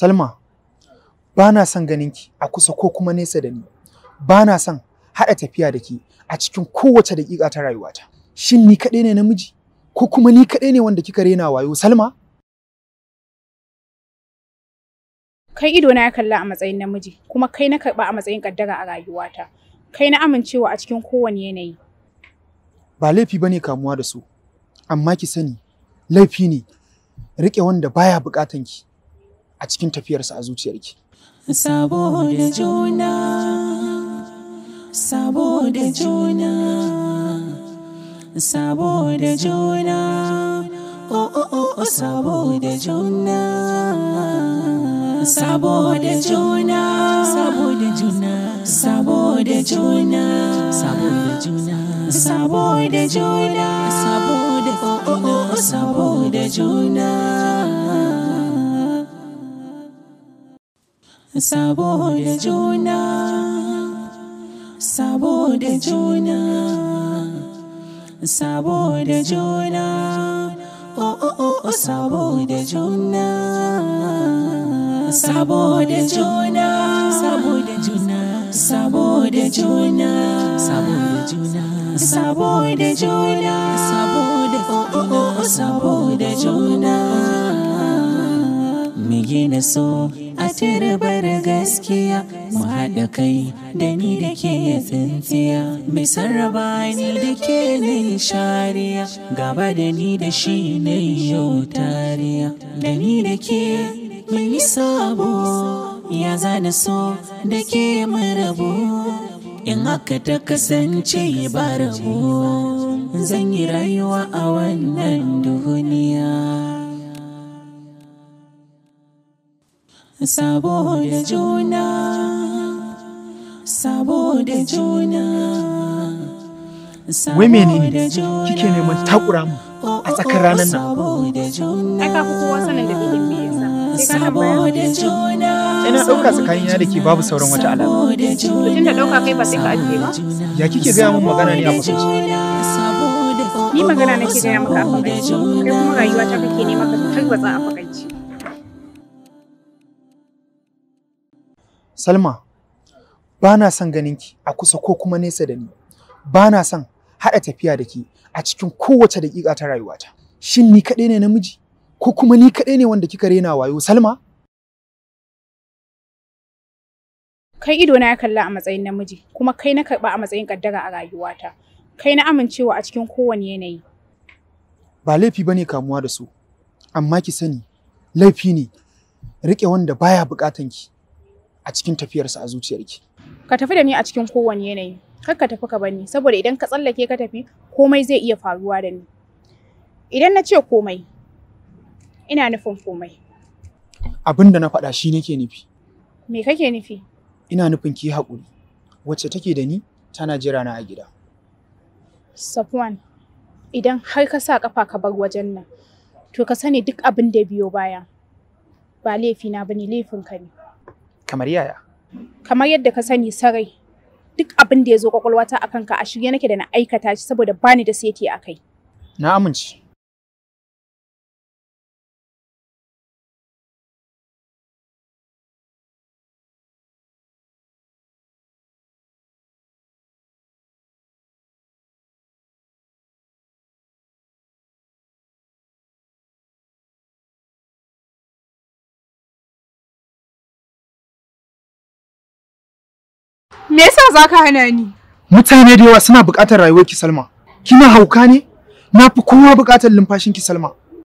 Salma, ba na son ganin ki a kusa ko kuma nesa da ni. Ba na son haɗa tafiya da ki a cikin kowace daƙiƙa ta rayuwata. Shin ni kaɗai ne namiji? Ko kuma ni kaɗai ne wanda kika rena wayo Salma? Kai ido na ya kalla a matsayin namiji, kuma kai na karɓa a matsayin ƙaddara a rayuwata. Kai na amincewa a cikin kowane yanayi. Ba laifi ba ne kamuwa da su, amma ki sani laifi ne riƙe wanda baya bukatan ki. a cikin tafiyarsa a zuciyarki. da juna, da juna, da juna, sabo da juna, sabo da juna. da juna, da juna, da juna, juna, juna, sabo da juna, sabo da juna. saboda juna saboda juna saboda juna juna saboda juna juna juna juna juna so bar gaskiya mu haɗa kai da ni da ke tsintsiya mai sarraba ni da ke ne shariya gaba da ni da shi ne yau tariya da ni da ke mai sabo ya zana so da ke marabu in haka ta kasance ba zan yi rayuwa a wannan sabo da juna sabo da juna wai menene kike neman takura mu oh, a tsakar oh, ranar nan ai ka fi kowa sanin da bikin me yasa sabo da juna ina dauka tsakanin da ke babu sauran wata alama mutum da dauka kai ba sai ka ajiye ba ya kike gaya mun magana ne a kusa ni magana nake gaya maka a faɗa kai kuma rayuwa ta kake nema ka tarwatsa a faɗa Salma, ba na son ki a kusa ko kuma nesa da ni. Ba na son haɗa tafiya da ki a cikin kowace daƙiƙa ta rayuwata. Shin ni kaɗai ne namiji? Ko kuma ni kaɗai ne wanda kika rena wayo Salma? Kai ido na ya kalla a matsayin namiji, kuma kai na karɓa a matsayin ƙaddara a rayuwata. Kai na amincewa a cikin kowane yanayi. Ba laifi ba ne kamuwa da su, amma ki sani, laifi ne Rike wanda baya bukatan ki. a cikin tafiyarsa a zuciyarki ka tafi da ni a cikin kowane yanayi kar ka tafi ka bani saboda idan ka tsallake ka tafi komai zai iya faruwa da ni idan na ce komai ina nufin komai abin da na faɗa shi nake nufi me kake nufi ina nufin ki haƙuri wacce take da ni tana jira na a gida Safwan idan har ka sa kafa ka bar wajen nan to ka sani duk abin da biyo baya ba laifina bane laifin ka ne Kamar yaya? Kamar yadda ka sani sarai, duk abin da ya zo kwakwalwata a kanka a shirye nake da na aikata shi saboda bani da seti a kai. Na amince. Me yasa za ka hana ni? Mutane da yawa suna buƙatar rayuwar ki Salma. Kina hauka ne? Na fi kowa buƙatar lumfashin ki Salma.